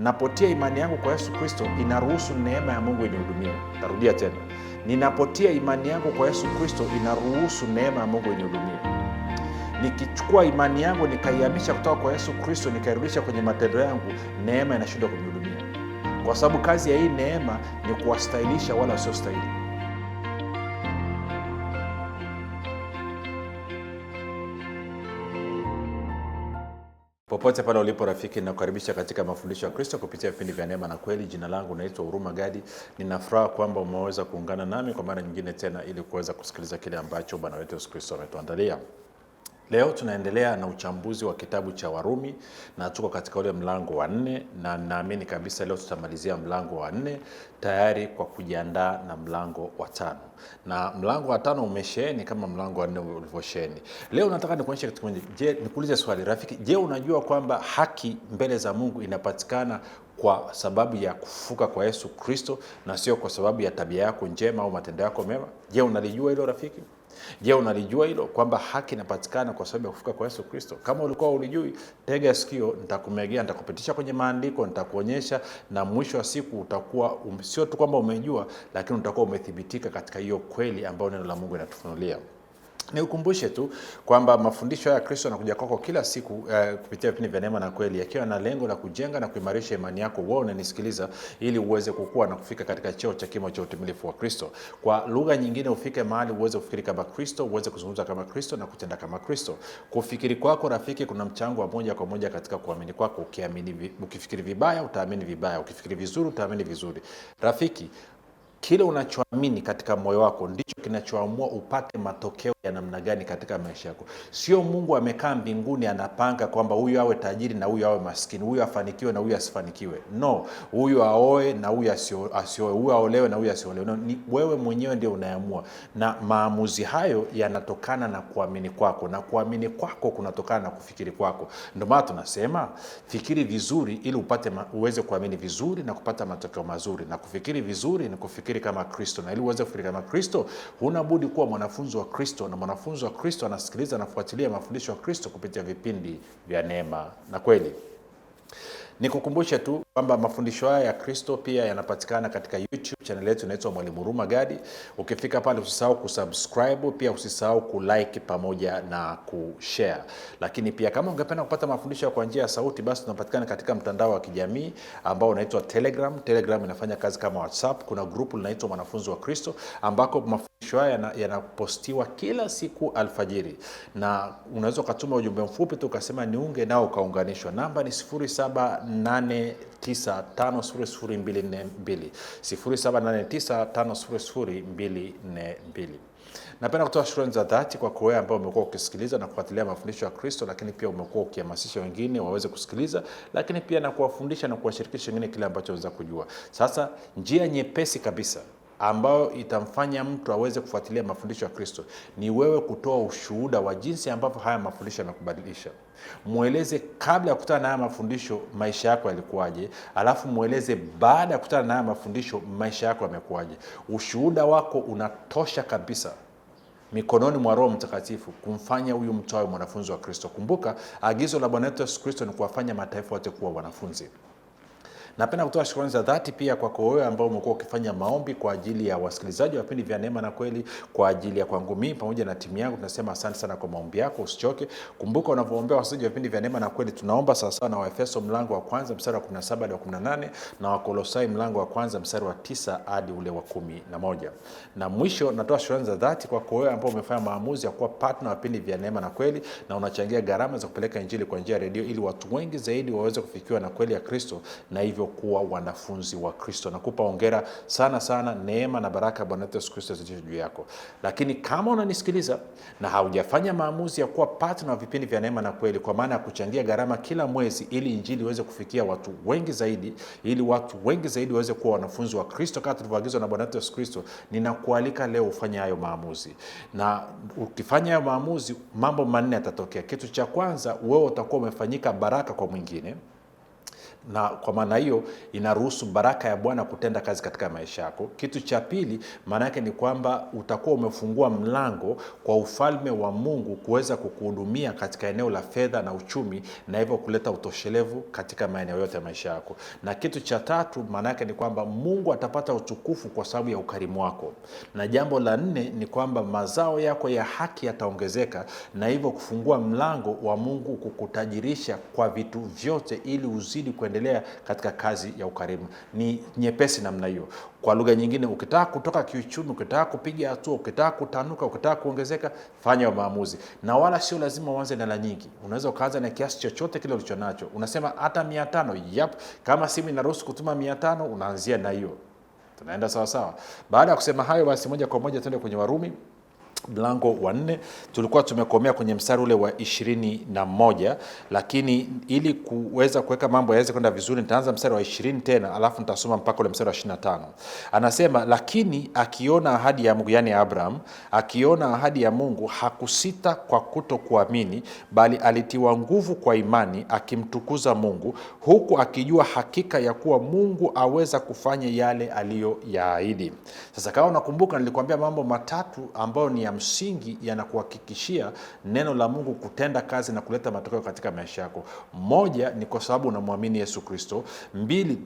napotia imani yangu kwa Yesu Kristo, inaruhusu neema ya Mungu inihudumie. Tarudia tena, ninapotia imani yangu kwa Yesu Kristo, inaruhusu neema ya Mungu inihudumie. Nikichukua imani yangu nikaihamisha kutoka kwa Yesu Kristo, nikairudisha kwenye matendo yangu, neema inashindwa kunihudumia, kwa sababu kazi ya hii neema ni kuwastahilisha wala wasiostahili. Popote pale ulipo rafiki, ninakukaribisha katika mafundisho ya Kristo kupitia vipindi vya neema na kweli. Jina langu naitwa Huruma Gadi. Ninafuraha kwamba umeweza kuungana nami kwa mara nyingine tena ili kuweza kusikiliza kile ambacho Bwana wetu Yesu Kristo ametuandalia. Leo tunaendelea na uchambuzi wa kitabu cha Warumi na tuko katika ule mlango wa nne, na naamini kabisa leo tutamalizia mlango wa nne tayari kwa kujiandaa na mlango wa tano, na mlango wa tano umesheheni kama mlango wa nne ulivyosheheni. Leo nataka nikuonyeshe kitu kimoja. Je, nikuulize swali rafiki, je, unajua kwamba haki mbele za Mungu inapatikana kwa sababu ya kufufuka kwa Yesu Kristo na sio kwa sababu ya tabia yako njema au matendo yako mema? Je, unalijua hilo rafiki? Je, unalijua hilo kwamba haki inapatikana kwa sababu ya kufika kwa Yesu Kristo? Kama ulikuwa ulijui, tega sikio, nitakumegea, nitakupitisha kwenye maandiko, nitakuonyesha, na mwisho wa siku utakuwa um, sio tu kwamba umejua, lakini utakuwa umethibitika katika hiyo kweli ambayo neno la Mungu linatufunulia. Niukumbushe tu kwamba mafundisho ya Kristo yanakuja kwako kila siku uh, kupitia vipindi vya Neema na Kweli, yakiwa na lengo la kujenga na kuimarisha imani yako wewe unanisikiliza, ili uweze kukua na kufika katika cheo cha kimo cha utimilifu wa Kristo. Kwa lugha nyingine, ufike mahali uweze kufikiri kama Kristo, uweze kuzungumza kama Kristo na kutenda kama Kristo. Kufikiri kwako, rafiki, kuna mchango wa moja kwa moja katika kuamini kwako. Ukiamini, ukifikiri vibaya utaamini vibaya, ukifikiri vizuri utaamini vizuri. Rafiki, kile unachoamini katika moyo wako ndicho kinachoamua upate matokeo ya namna gani katika maisha yako. Sio Mungu amekaa mbinguni anapanga kwamba huyu awe tajiri na huyu awe maskini, huyu afanikiwe na huyu asifanikiwe. No, huyu aoe na huyu asioe, huyu aolewe na huyu asiolewe. No, ni wewe mwenyewe ndio unayeamua na maamuzi hayo yanatokana na kuamini kwako, na kuamini kwako kunatokana na kufikiri kwako. Ndio maana tunasema fikiri vizuri ili upate uweze kuamini vizuri na kupata matokeo mazuri, na kufikiri vizuri ni kufikiri kama Kristo, na ili uweze kufikiri kama Kristo huna budi kuwa mwanafunzi wa Kristo na mwanafunzi wa Kristo anasikiliza na kufuatilia mafundisho ya Kristo kupitia vipindi vya Neema na Kweli. Nikukumbushe tu kwamba mafundisho haya ya Kristo pia yanapatikana katika YouTube channel yetu inaitwa Mwalimu ruma Gadi. Ukifika pale usisahau kusubscribe, pia usisahau kulike pamoja na kushare. Lakini pia kama ungependa kupata mafundisho kwa njia ya sauti, basi tunapatikana katika mtandao wa kijamii ambao unaitwa Telegram. Telegram inafanya kazi kama WhatsApp. Kuna grupu linaitwa Mwanafunzi wa Kristo ambako mafundisho haya yanapostiwa yana kila siku alfajiri, na unaweza ukatuma ujumbe mfupi tu ukasema niunge nao ukaunganishwa. Namba ni 78 Napenda kutoa shukrani za dhati kwako wewe ambao umekuwa ukisikiliza na kufuatilia mafundisho ya Kristo, lakini pia umekuwa ukihamasisha wengine waweze kusikiliza, lakini pia na kuwafundisha na kuwashirikisha wengine kile ambacho waweza kujua. Sasa njia nyepesi kabisa ambayo itamfanya mtu aweze kufuatilia mafundisho ya Kristo, ni wewe kutoa ushuhuda wa jinsi ambavyo haya mafundisho yamekubadilisha. Mweleze kabla ya kukutana na haya mafundisho maisha yako yalikuwaje, alafu mweleze baada ya kukutana na haya mafundisho maisha yako yamekuwaje. Ushuhuda wako unatosha kabisa mikononi mwa Roho Mtakatifu kumfanya huyu mtu awe mwanafunzi wa Kristo. Kumbuka agizo la Bwana wetu Yesu Kristo ni kuwafanya mataifa yote kuwa wanafunzi. Napenda kutoa shukrani za dhati pia kwako wewe ambao umekuwa ukifanya maombi kwa ajili ya wasikilizaji wa vipindi vya Neema na Kweli, kwa ajili ya kwangu mimi pamoja na timu yangu. Tunasema asante sana kwa maombi yako, usichoke. Kumbuka unavyoombea wasikilizaji wa vipindi vya Neema na Kweli, tunaomba sawasawa na Waefeso mlango wa kwanza mstari wa 17 hadi wa 18 na Wakolosai mlango wa kwanza mstari wa tisa hadi ule wa kumi na moja. Na mwisho natoa shukrani za dhati kwako wewe ambao umefanya maamuzi ya kuwa partner wa vipindi vya Neema na Kweli na unachangia gharama za kupeleka Injili kwa njia ya redio ili watu wengi zaidi waweze kufikiwa na kweli ya Kristo na hivyo kuwa wanafunzi wa Kristo. Nakupa ongera sana sana, neema na baraka Bwana wetu Yesu Kristo zitie juu yako. Lakini kama unanisikiliza na haujafanya maamuzi ya kuwa partner wa vipindi vya neema na kweli, kwa maana ya kuchangia gharama kila mwezi, ili injili iweze kufikia watu wengi zaidi, ili watu wengi zaidi waweze kuwa wanafunzi wa Kristo kama tulivyoagizwa na Bwana wetu Yesu Kristo, ninakualika leo ufanye hayo maamuzi, na ukifanya hayo maamuzi, mambo manne yatatokea. Kitu cha kwanza, wewe utakuwa umefanyika baraka kwa mwingine na kwa maana hiyo inaruhusu baraka ya Bwana kutenda kazi katika maisha yako. Kitu cha pili, maana yake ni kwamba utakuwa umefungua mlango kwa ufalme wa Mungu kuweza kukuhudumia katika eneo la fedha na uchumi, na hivyo kuleta utoshelevu katika maeneo yote ya maisha yako. Na kitu cha tatu, maana yake ni kwamba Mungu atapata utukufu kwa sababu ya ukarimu wako, na jambo la nne ni kwamba mazao yako ya haki yataongezeka, na hivyo kufungua mlango wa Mungu kukutajirisha kwa vitu vyote ili uzidi kwenye kuendelea katika kazi ya ukarimu. Ni nyepesi namna hiyo. Kwa lugha nyingine, ukitaka kutoka kiuchumi, ukitaka kupiga hatua, ukitaka kutanuka, ukitaka kuongezeka, fanya maamuzi, na wala sio lazima uanze na la nyingi. Unaweza ukaanza na kiasi chochote kile ulichonacho. Unasema hata mia tano. Yap, kama simu inaruhusu kutuma mia tano, unaanzia na hiyo. Tunaenda sawasawa. Baada ya kusema hayo, basi moja kwa moja tuende kwenye Warumi mlango wa nne tulikuwa tumekomea kwenye mstari ule wa ishirini na moja lakini ili kuweza kuweka mambo yaweze kwenda vizuri nitaanza mstari wa ishirini tena alafu nitasoma mpaka ule mstari wa ishirini na tano anasema lakini akiona ahadi ya mungu yani abraham akiona ahadi ya mungu hakusita kwa kuto kuamini bali alitiwa nguvu kwa imani akimtukuza mungu huku akijua hakika ya kuwa mungu aweza kufanya yale yaahidi sasa kama unakumbuka nilikuambia mambo matatu ambayo ni ya msingi yanakuhakikishia neno la Mungu kutenda kazi na kuleta matokeo katika maisha yako. Moja ni kwa sababu unamwamini Yesu Kristo, mbili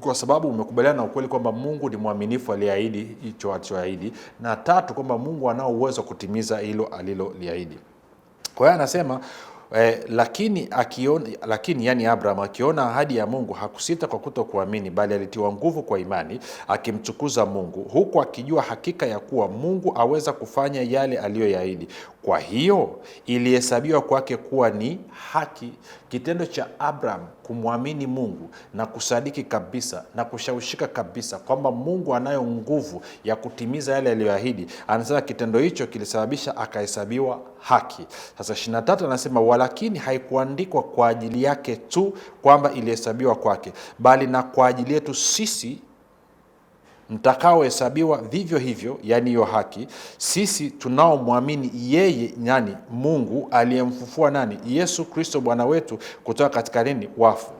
kwa sababu umekubaliana na ukweli kwamba Mungu ni mwaminifu aliyeahidi hicho alichoahidi, na tatu kwamba Mungu anao uwezo wa kutimiza hilo aliloliahidi. Kwa hiyo anasema Eh, lakini akiona, lakini yani Abraham akiona ahadi ya Mungu hakusita kwa kuto kuamini bali alitiwa nguvu kwa imani, akimtukuza Mungu, huku akijua hakika ya kuwa Mungu aweza kufanya yale aliyoyaahidi. Kwa hiyo ilihesabiwa kwake kuwa ni haki. Kitendo cha Abraham kumwamini Mungu na kusadiki kabisa na kushawishika kabisa kwamba Mungu anayo nguvu ya kutimiza yale yaliyoahidi, anasema kitendo hicho kilisababisha akahesabiwa haki. Sasa na tatu anasema walakini, haikuandikwa kwa ajili yake tu kwamba ilihesabiwa kwake, bali na kwa ajili yetu sisi mtakaohesabiwa vivyo hivyo, yani hiyo haki. Sisi tunaomwamini yeye nani? Mungu aliyemfufua nani? Yesu Kristo Bwana wetu kutoka katika nini? Wafu,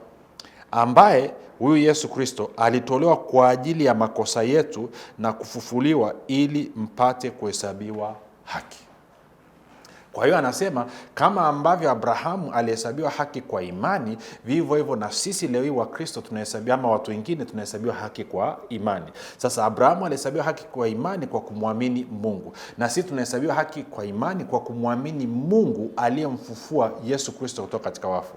ambaye huyu Yesu Kristo alitolewa kwa ajili ya makosa yetu na kufufuliwa ili mpate kuhesabiwa haki. Kwa hiyo anasema kama ambavyo Abrahamu alihesabiwa haki kwa imani, vivyo hivyo na sisi leo hii Wakristo tunahesabiwa ama watu wengine tunahesabiwa haki kwa imani. Sasa Abrahamu alihesabiwa haki kwa imani kwa kumwamini Mungu, na sisi tunahesabiwa haki kwa imani kwa kumwamini Mungu aliyemfufua Yesu Kristo kutoka katika wafu.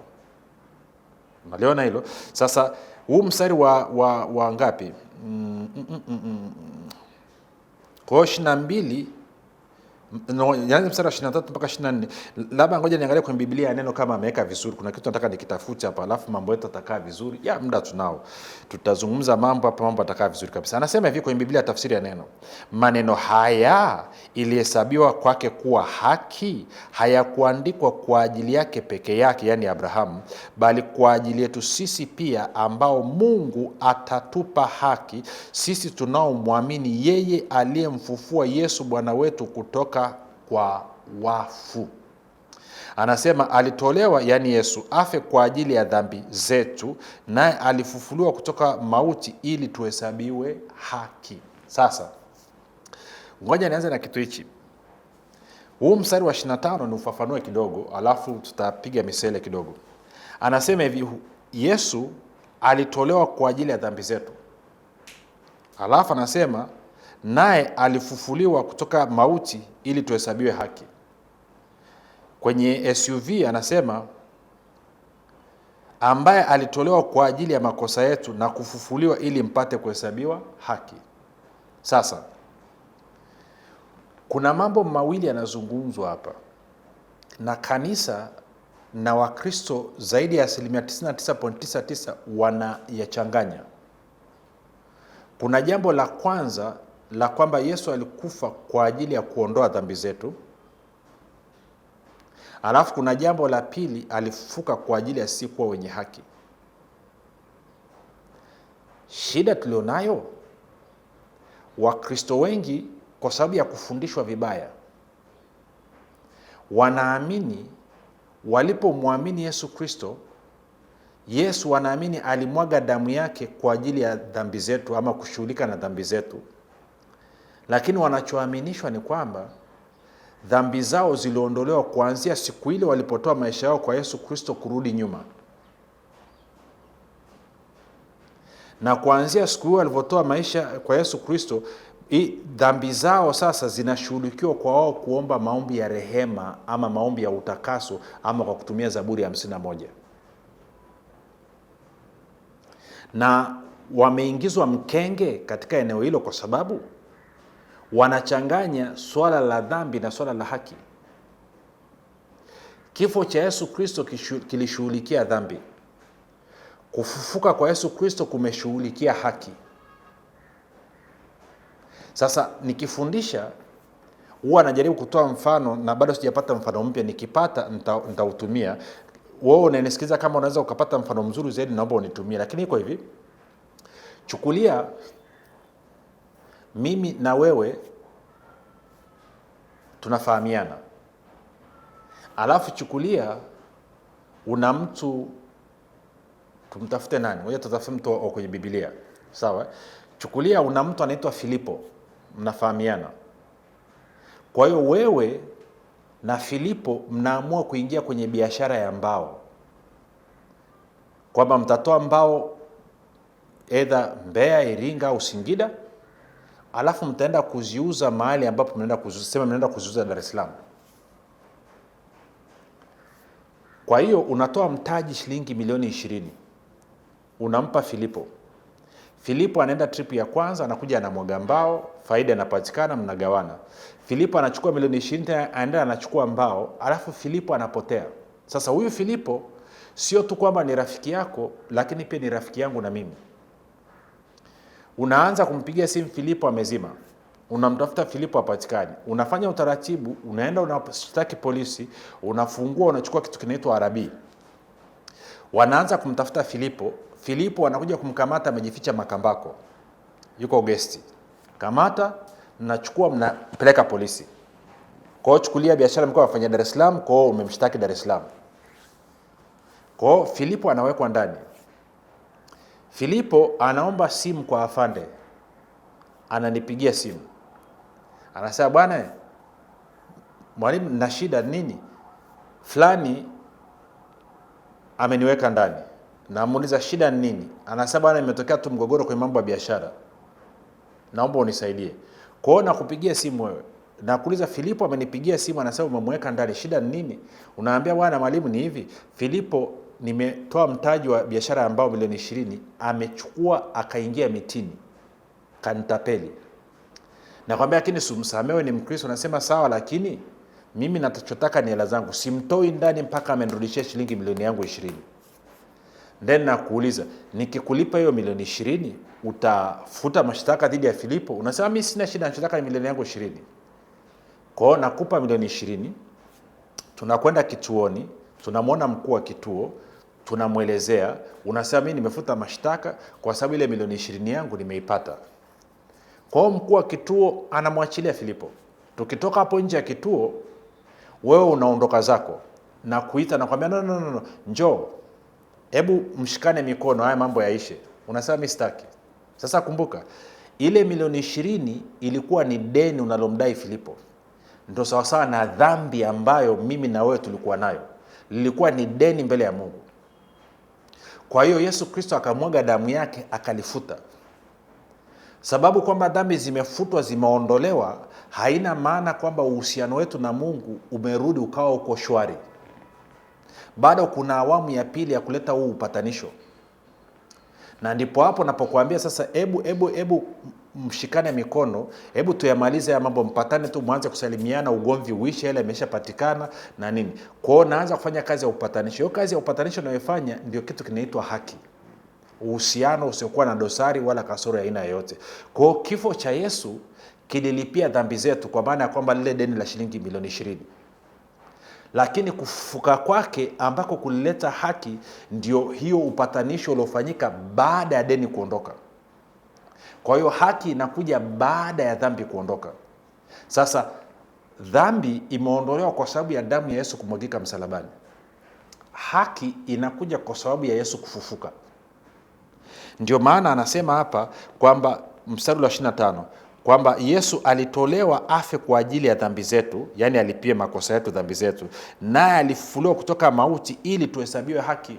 Unaliona hilo? Sasa huu mstari wa, wa, wa ngapi? mm, mm, mm, mm. mm. Kwa hiyo ishirini na mbili nianze yaani mstari wa tatu mpaka 24. Labda ngoja niangalie kwenye Biblia neno kama ameweka vizuri. Kuna kitu nataka nikitafute hapa, alafu mambo yetu atakaa vizuri. Ya muda tunao, tutazungumza mambo hapa, mambo atakaa vizuri kabisa. Anasema hivi kwenye Biblia, tafsiri ya neno, maneno haya ilihesabiwa kwake kuwa haki, hayakuandikwa kwa ajili yake peke yake, yani Abrahamu, bali kwa ajili yetu sisi pia, ambao Mungu atatupa haki, sisi tunaomwamini yeye aliyemfufua Yesu Bwana wetu kutoka kwa wafu. Anasema alitolewa, yaani Yesu, afe kwa ajili ya dhambi zetu, naye alifufuliwa kutoka mauti ili tuhesabiwe haki. Sasa ngoja nianze na kitu hichi. Huu mstari wa 25 ni ufafanue kidogo, alafu tutapiga misele kidogo. Anasema hivi, Yesu alitolewa kwa ajili ya dhambi zetu, alafu anasema naye alifufuliwa kutoka mauti ili tuhesabiwe haki. Kwenye SUV anasema ambaye alitolewa kwa ajili ya makosa yetu na kufufuliwa ili mpate kuhesabiwa haki. Sasa kuna mambo mawili yanazungumzwa hapa na kanisa na Wakristo zaidi ya asilimia 99.99 wanayachanganya. Kuna jambo la kwanza la kwamba Yesu alikufa kwa ajili ya kuondoa dhambi zetu. Alafu kuna jambo la pili, alifuka kwa ajili ya si kuwa wenye haki. Shida tulionayo, Wakristo wengi kwa sababu ya kufundishwa vibaya, wanaamini walipomwamini Yesu Kristo, Yesu wanaamini alimwaga damu yake kwa ajili ya dhambi zetu ama kushughulika na dhambi zetu lakini wanachoaminishwa ni kwamba dhambi zao ziliondolewa kuanzia siku ile walipotoa maisha yao kwa Yesu Kristo kurudi nyuma, na kuanzia siku hiyo walivyotoa maisha kwa Yesu Kristo, dhambi zao sasa zinashughulikiwa kwa wao kuomba maombi ya rehema ama maombi ya utakaso ama kwa kutumia Zaburi ya 51 na wameingizwa mkenge katika eneo hilo kwa sababu wanachanganya swala la dhambi na swala la haki. Kifo cha Yesu Kristo kilishughulikia dhambi, kufufuka kwa Yesu Kristo kumeshughulikia haki. Sasa nikifundisha huwa najaribu kutoa mfano na bado sijapata mfano mpya, nikipata nitautumia. Wewe unanisikiliza, kama unaweza ukapata mfano mzuri zaidi, naomba unitumie. Lakini iko hivi, chukulia mimi na wewe tunafahamiana, alafu chukulia una mtu tumtafute nani, ngoja tutafute mtu wa kwenye Biblia, sawa. Chukulia una mtu anaitwa Filipo, mnafahamiana. Kwa hiyo wewe na Filipo mnaamua kuingia kwenye biashara ya mbao, kwamba mtatoa mbao edha Mbeya, Iringa au Singida alafu mtaenda kuziuza mahali ambapo mnaenda kuziuza, sema mnaenda kuziuza Dar es Salaam. Kwa hiyo unatoa mtaji shilingi milioni ishirini unampa Filipo. Filipo anaenda trip ya kwanza, anakuja anamwaga mbao, faida inapatikana, mnagawana. Filipo anachukua milioni ishirini tena anaenda anachukua mbao, alafu Filipo anapotea. Sasa huyu Filipo sio tu kwamba ni rafiki yako, lakini pia ni rafiki yangu na mimi. Unaanza kumpigia simu Filipo amezima, unamtafuta Filipo hapatikani, unafanya utaratibu, unaenda unashtaki polisi, unafungua, unachukua kitu kinaitwa arabii, wanaanza kumtafuta Filipo. Filipo anakuja kumkamata, amejificha Makambako, yuko gesti. Kamata, mnachukua, mnapeleka polisi. Kwa hiyo chukulia biashara mko wafanya Dar es Salaam, kwa hiyo umemshtaki Dar es Salaam. Kwa hiyo Filipo anawekwa ndani. Filipo anaomba simu kwa afande, ananipigia simu, anasema bwana, mwalimu, na shida nini? Fulani ameniweka ndani. Namuuliza shida ni nini? Anasema bwana, imetokea tu mgogoro kwenye mambo ya biashara, naomba unisaidie. Kwa nakupigia simu wewe nakuuliza Filipo amenipigia simu, anasema umemweka ndani, shida ni nini? Unaambia bwana, mwalimu, ni hivi, Filipo nimetoa mtaji wa biashara ambao milioni ishirini, amechukua akaingia mitini, kanitapeli. Nakwambia, lakini sumsamewe, ni Mkristo. Nasema sawa, lakini mimi natachotaka ni hela zangu, simtoi ndani mpaka amenirudishia shilingi milioni yangu ishirini. Then nakuuliza, nikikulipa hiyo milioni ishirini utafuta mashtaka dhidi ya Filipo? Unasema mi sina shida, nachotaka ni milioni yangu ishirini. Kwao nakupa milioni ishirini, tunakwenda kituoni, tunamwona mkuu wa kituo tunamwelezea, unasema mimi nimefuta mashtaka kwa sababu ile milioni ishirini yangu nimeipata. Kwa hiyo mkuu wa kituo anamwachilia Filipo. Tukitoka hapo nje ya kituo, wewe unaondoka zako na kuita na kwambia no, no, no, no. Njoo hebu mshikane mikono, haya mambo yaishe. Unasema mi sitaki. Sasa kumbuka ile milioni ishirini ilikuwa ni deni unalomdai Filipo, ndo sawasawa na dhambi ambayo mimi na wewe tulikuwa nayo, lilikuwa ni deni mbele ya Mungu. Kwa hiyo Yesu Kristo akamwaga damu yake akalifuta. Sababu kwamba dhambi zimefutwa, zimeondolewa, haina maana kwamba uhusiano wetu na Mungu umerudi ukawa uko shwari. Bado kuna awamu ya pili ya kuleta huu upatanisho na ndipo hapo napokuambia sasa, ebu ebu ebu mshikane mikono, hebu tuyamalize ya mambo, mpatane tu, mwanze kusalimiana, ugomvi uishe, hela imeshapatikana na nini. Kwao naanza kufanya kazi ya upatanisho. Hiyo kazi ya upatanisho unayofanya ndio kitu kinaitwa haki, uhusiano usiokuwa na dosari wala kasoro ya aina yoyote. Kwao kifo cha Yesu kililipia dhambi zetu, kwa maana ya kwamba lile deni la shilingi milioni ishirini lakini kufufuka kwake ambako kulileta haki ndio hiyo upatanisho uliofanyika baada ya deni kuondoka kwa hiyo haki inakuja baada ya dhambi kuondoka sasa dhambi imeondolewa kwa sababu ya damu ya yesu kumwagika msalabani haki inakuja kwa sababu ya yesu kufufuka ndio maana anasema hapa kwamba mstari wa kwamba Yesu alitolewa afe kwa ajili ya dhambi zetu, yaani alipie makosa yetu, dhambi zetu, naye alifufuliwa kutoka mauti ili tuhesabiwe haki.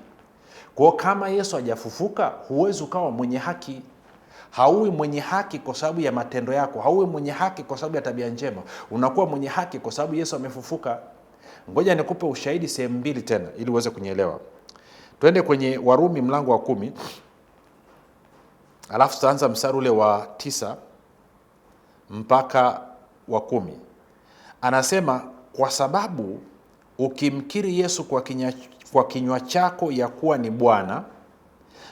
Kwa kama Yesu hajafufuka, huwezi ukawa mwenye haki. Hauwi mwenye haki kwa sababu ya matendo yako, hauwi mwenye haki kwa sababu ya tabia njema, unakuwa mwenye haki kwa sababu Yesu amefufuka. Ngoja nikupe ushahidi sehemu mbili tena, ili uweze kunyelewa Twende kwenye Warumi mlango wa kumi alafu tutaanza mstari ule wa tisa mpaka wa kumi anasema, kwa sababu ukimkiri Yesu kwa kinywa, kwa kinywa chako ya kuwa ni Bwana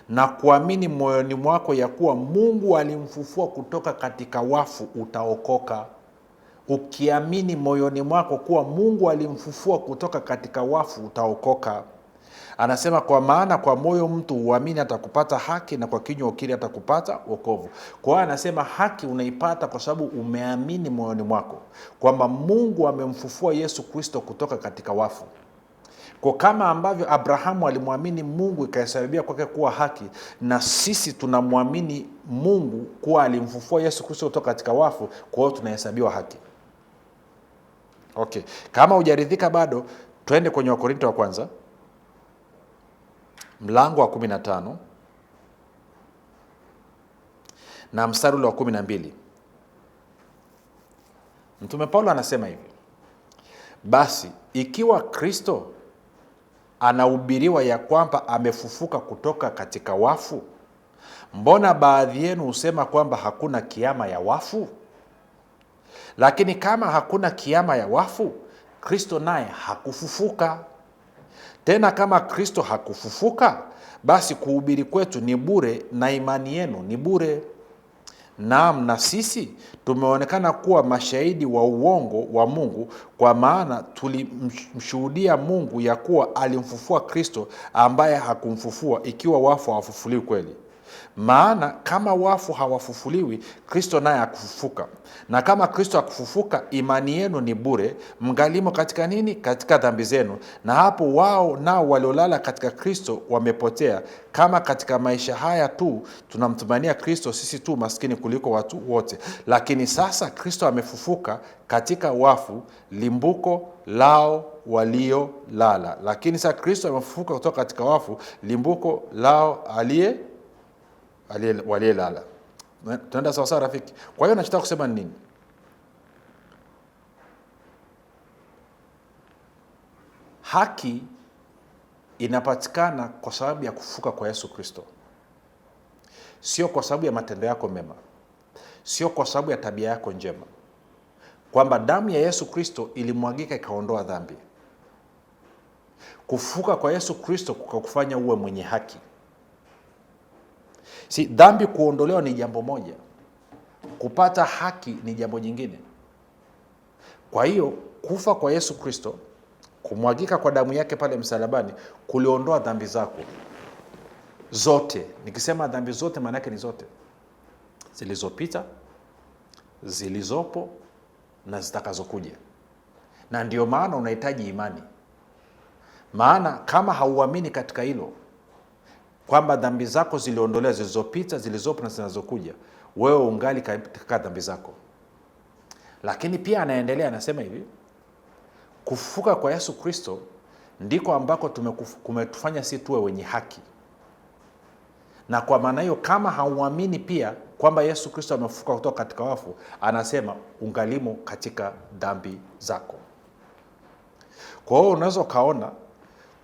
na kuamini moyoni mwako ya kuwa Mungu alimfufua kutoka katika wafu utaokoka. Ukiamini moyoni mwako kuwa Mungu alimfufua kutoka katika wafu utaokoka. Anasema kwa maana kwa moyo mtu huamini atakupata haki, na kwa kinywa ukiri atakupata wokovu. Kwa hiyo anasema haki unaipata kwa sababu umeamini moyoni mwako kwamba Mungu amemfufua Yesu Kristo kutoka katika wafu. Kwa kama ambavyo Abrahamu alimwamini Mungu ikahesabia kwake kuwa haki, na sisi tunamwamini Mungu kuwa alimfufua Yesu Kristo kutoka katika wafu, kwa hiyo tunahesabiwa haki. Okay, kama hujaridhika bado, twende kwenye Wakorinto wa kwanza mlango wa 15 na mstari ule wa 12, Mtume Paulo anasema hivi: basi ikiwa Kristo anahubiriwa ya kwamba amefufuka kutoka katika wafu, mbona baadhi yenu husema kwamba hakuna kiama ya wafu? Lakini kama hakuna kiama ya wafu, Kristo naye hakufufuka. Tena kama Kristo hakufufuka, basi kuhubiri kwetu ni bure na imani yenu ni bure. Naam, na sisi tumeonekana kuwa mashahidi wa uongo wa Mungu, kwa maana tulimshuhudia Mungu ya kuwa alimfufua Kristo, ambaye hakumfufua, ikiwa wafu hawafufuliwi kweli. Maana kama wafu hawafufuliwi, Kristo naye akufufuka. Na kama Kristo akufufuka, imani yenu ni bure, mgalimo katika nini? Katika dhambi zenu. Na hapo wao nao waliolala katika Kristo wamepotea. Kama katika maisha haya tu tunamtumania Kristo, sisi tu maskini kuliko watu wote. Lakini sasa Kristo amefufuka katika wafu, limbuko lao waliolala. Lakini sasa Kristo amefufuka kutoka katika wafu, limbuko lao aliye waliyelala. Tunaenda sawasawa, rafiki? Kwa hiyo nachotaka kusema ni nini? Haki inapatikana kwa sababu ya kufuka kwa Yesu Kristo, sio kwa sababu ya matendo yako mema, sio kwa sababu ya tabia yako njema, kwamba damu ya Yesu Kristo ilimwagika ikaondoa dhambi. Kufuka kwa Yesu Kristo kukakufanya uwe mwenye haki. Si dhambi kuondolewa ni jambo moja, kupata haki ni jambo jingine. Kwa hiyo kufa kwa Yesu Kristo, kumwagika kwa damu yake pale msalabani kuliondoa dhambi zako zote. Nikisema dhambi zote, maana ni zote zilizopita, zilizopo na zitakazokuja, na ndio maana unahitaji imani, maana kama hauamini katika hilo kwamba dhambi zako ziliondolewa, zilizopita, zilizopo na zinazokuja, wewe ungali katika dhambi zako. Lakini pia anaendelea anasema hivi, kufufuka kwa Yesu Kristo ndiko ambako kumetufanya si tuwe wenye haki, na kwa maana hiyo, kama hauamini pia kwamba Yesu Kristo amefufuka kutoka katika wafu, anasema ungalimo katika dhambi zako. Kwa hiyo unaweza ukaona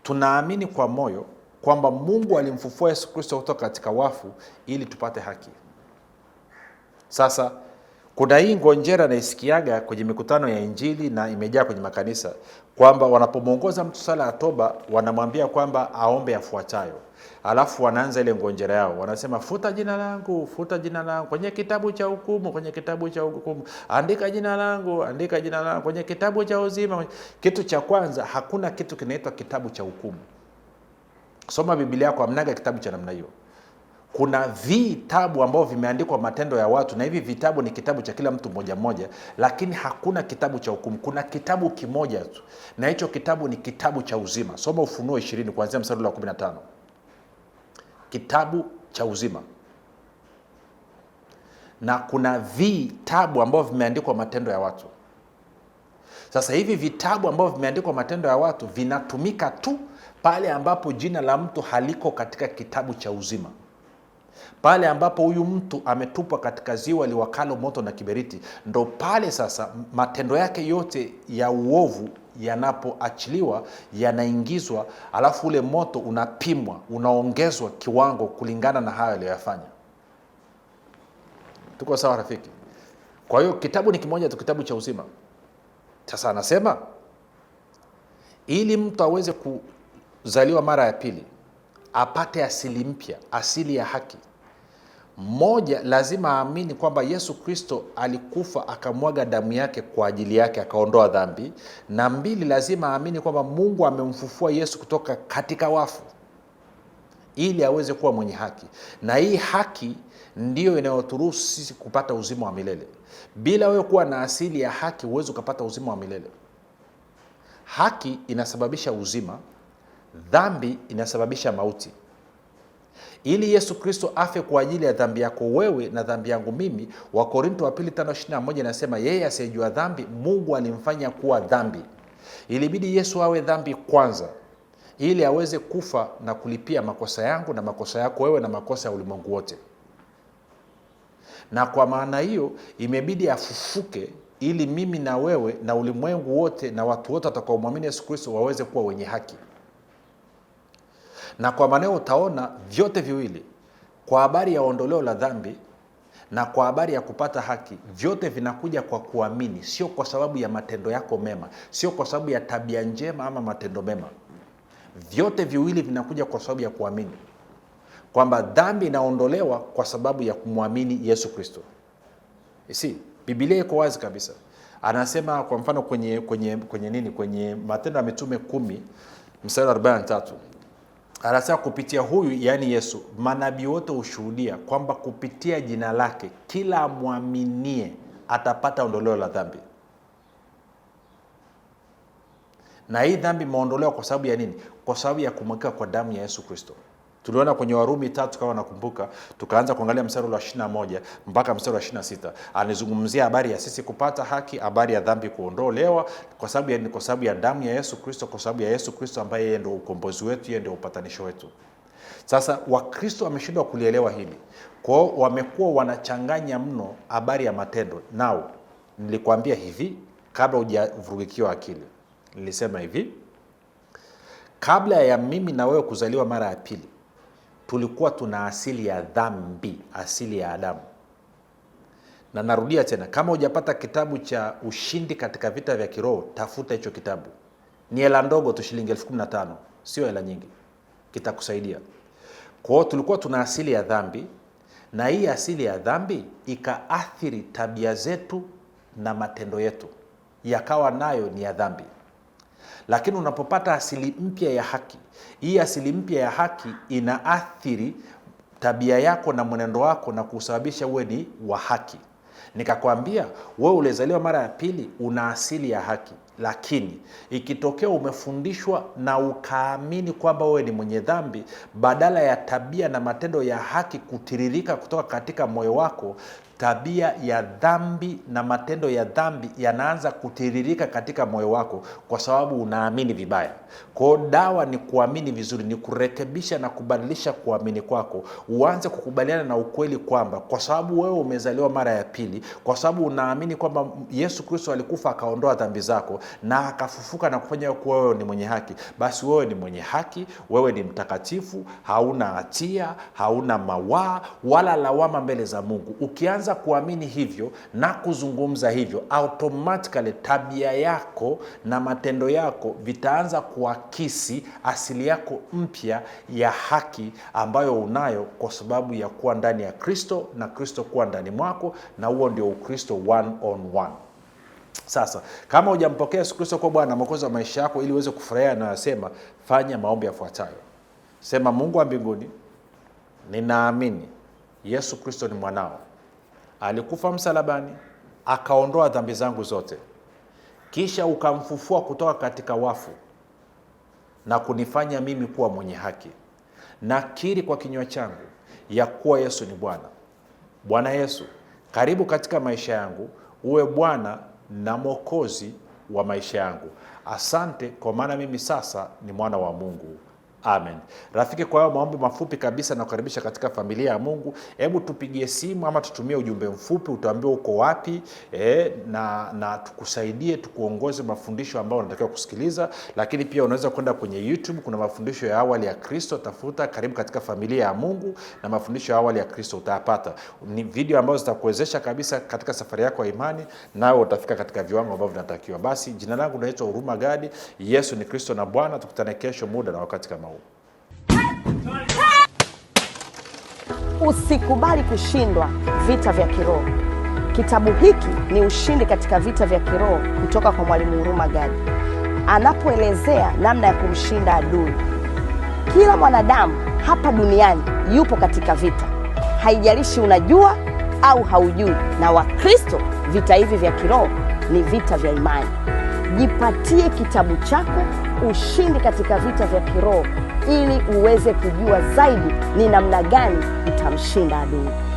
tunaamini kwa moyo kwamba Mungu alimfufua Yesu Kristo kutoka katika wafu ili tupate haki. Sasa kuna hii ngonjera naisikiaga kwenye mikutano ya Injili na imejaa kwenye makanisa kwamba wanapomwongoza mtu sala ya toba wanamwambia kwamba aombe yafuatayo, alafu wanaanza ile ngonjera yao, wanasema futa jina langu, futa jina langu kwenye kitabu cha hukumu, kwenye kitabu cha hukumu, andika jina langu, andika jina langu kwenye kitabu cha uzima. Kitu cha kwanza, hakuna kitu kinaitwa kitabu cha hukumu. Soma Biblia yako, amnaga kitabu cha namna hiyo. Kuna vitabu ambavyo vimeandikwa matendo ya watu, na hivi vitabu ni kitabu cha kila mtu mmoja mmoja, lakini hakuna kitabu cha hukumu. Kuna kitabu kimoja tu, na hicho kitabu ni kitabu cha uzima. Soma Ufunuo ishirini kuanzia mstari wa 15, kitabu cha uzima na kuna vitabu ambavyo vimeandikwa matendo ya watu. Sasa hivi vitabu ambavyo vimeandikwa matendo ya watu vinatumika tu pale ambapo jina la mtu haliko katika kitabu cha uzima, pale ambapo huyu mtu ametupwa katika ziwa liwakalo moto na kiberiti, ndo pale sasa matendo yake yote ya uovu yanapoachiliwa yanaingizwa, alafu ule moto unapimwa, unaongezwa kiwango kulingana na hayo aliyoyafanya. Tuko sawa rafiki? Kwa hiyo kitabu ni kimoja tu, kitabu cha uzima. Sasa anasema ili mtu aweze ku kuzaliwa mara ya pili apate asili mpya, asili ya haki. Mmoja lazima aamini kwamba Yesu Kristo alikufa akamwaga damu yake kwa ajili yake akaondoa dhambi, na mbili, lazima aamini kwamba Mungu amemfufua Yesu kutoka katika wafu ili aweze kuwa mwenye haki, na hii haki ndiyo inayoturuhusu sisi kupata uzima wa milele. Bila wewe kuwa na asili ya haki, huwezi ukapata uzima wa milele. Haki inasababisha uzima, dhambi inasababisha mauti. Ili Yesu Kristo afe kwa ajili ya dhambi yako wewe na dhambi yangu mimi, Wakorinto wa pili 5:21 inasema yeye asiyejua dhambi Mungu alimfanya kuwa dhambi. Ilibidi Yesu awe dhambi kwanza ili aweze kufa na kulipia makosa yangu na makosa yako wewe na makosa ya ulimwengu wote. Na kwa maana hiyo imebidi afufuke ili mimi na wewe na ulimwengu wote na watu wote watakaomwamini Yesu Kristo waweze kuwa wenye haki na kwa maneno utaona vyote viwili, kwa habari ya ondoleo la dhambi na kwa habari ya kupata haki, vyote vinakuja kwa kuamini, sio kwa sababu ya matendo yako mema, sio kwa sababu ya tabia njema ama matendo mema. Vyote viwili vinakuja kwa sababu ya kuamini kwamba dhambi inaondolewa kwa sababu ya kumwamini Yesu Kristo. Si Biblia iko wazi kabisa, anasema kwa mfano kwenye kwenye kwenye nini, kwenye Matendo ya Mitume kumi mstari wa Anasema kupitia huyu, yaani Yesu, manabii wote hushuhudia kwamba kupitia jina lake kila amwaminie atapata ondoleo la dhambi. Na hii dhambi imeondolewa kwa sababu ya nini? Kwa sababu ya kumwagika kwa damu ya Yesu Kristo tuliona kwenye Warumi tatu kama nakumbuka, tukaanza kuangalia mstari wa ishirini moja mpaka mstari wa ishirini sita anazungumzia habari ya sisi kupata haki, habari ya dhambi kuondolewa kwa sababu ya, kwa sababu ya damu ya Yesu Kristo, kwa sababu ya Yesu Kristo ambaye yeye ndio ukombozi wetu, yeye ndio upatanisho wetu. Sasa Wakristo wameshindwa kulielewa hili, kwao wamekuwa wanachanganya mno habari ya matendo. Nao nilikwambia hivi kabla hujavurugikiwa akili, nilisema hivi kabla ya mimi na wewe kuzaliwa mara ya pili tulikuwa tuna asili ya dhambi, asili ya Adamu. Na narudia tena, kama hujapata kitabu cha ushindi katika vita vya kiroho, tafuta hicho kitabu. Ni hela ndogo tu, shilingi elfu kumi na tano, sio hela nyingi, kitakusaidia. Kwa hiyo tulikuwa tuna asili ya dhambi, na hii asili ya dhambi ikaathiri tabia zetu na matendo yetu, yakawa nayo ni ya dhambi. Lakini unapopata asili mpya ya haki, hii asili mpya ya haki inaathiri tabia yako na mwenendo wako na kusababisha uwe ni wa haki. Nikakwambia wewe ulizaliwa mara ya pili, una asili ya haki, lakini ikitokea umefundishwa na ukaamini kwamba wewe ni mwenye dhambi, badala ya tabia na matendo ya haki kutiririka kutoka katika moyo wako, tabia ya dhambi na matendo ya dhambi yanaanza kutiririka katika moyo wako, kwa sababu unaamini vibaya. Kwao dawa ni kuamini vizuri, ni kurekebisha na kubadilisha kuamini kwako, uanze kukubaliana na ukweli kwamba kwa sababu wewe umezaliwa mara ya pili, kwa sababu unaamini kwamba Yesu Kristo alikufa akaondoa dhambi zako na akafufuka na kufanya kuwa wewe ni mwenye haki, basi wewe ni mwenye haki, wewe ni mtakatifu, hauna hatia, hauna mawaa wala lawama mbele za Mungu. Ukianza ukianza kuamini hivyo na kuzungumza hivyo, automatically tabia yako na matendo yako vitaanza kuakisi asili yako mpya ya haki ambayo unayo kwa sababu ya kuwa ndani ya Kristo na Kristo kuwa ndani mwako, na huo ndio Ukristo one on one. Sasa kama hujampokea Yesu Kristo kuwa Bwana Mwokozi wa maisha yako, ili uweze kufurahia anayosema, fanya maombi yafuatayo. Sema: Mungu wa mbinguni, ninaamini Yesu Kristo ni mwanao alikufa msalabani akaondoa dhambi zangu zote, kisha ukamfufua kutoka katika wafu na kunifanya mimi kuwa mwenye haki. Nakiri kwa kinywa changu ya kuwa Yesu ni Bwana. Bwana Yesu, karibu katika maisha yangu, uwe Bwana na Mwokozi wa maisha yangu. Asante kwa maana mimi sasa ni mwana wa Mungu. Amen. Rafiki, kwa hayo maombi mafupi kabisa nakukaribisha katika familia ya Mungu. Hebu tupigie simu ama tutumie ujumbe mfupi, utuambie uko wapi e, na, na tukusaidie tukuongoze mafundisho ambayo unatakiwa kusikiliza. Lakini pia unaweza kwenda kwenye YouTube, kuna mafundisho ya awali ya Kristo, tafuta karibu katika familia ya Mungu na mafundisho ya awali ya Kristo utayapata. Ni video ambazo zitakuwezesha kabisa katika safari yako ya imani, nawe utafika katika viwango ambavyo vinatakiwa. Basi jina langu naitwa Huruma Gadi. Yesu ni Kristo na Bwana. Tukutane kesho muda na wakati kama Usikubali kushindwa vita vya kiroho. Kitabu hiki ni ushindi katika vita vya kiroho kutoka kwa Mwalimu Huruma Gadi, anapoelezea namna ya kumshinda adui. Kila mwanadamu hapa duniani yupo katika vita, haijalishi unajua au haujui. Na Wakristo, vita hivi vya kiroho ni vita vya imani. Jipatie kitabu chako, Ushindi katika Vita vya Kiroho ili uweze kujua zaidi ni namna gani utamshinda adui.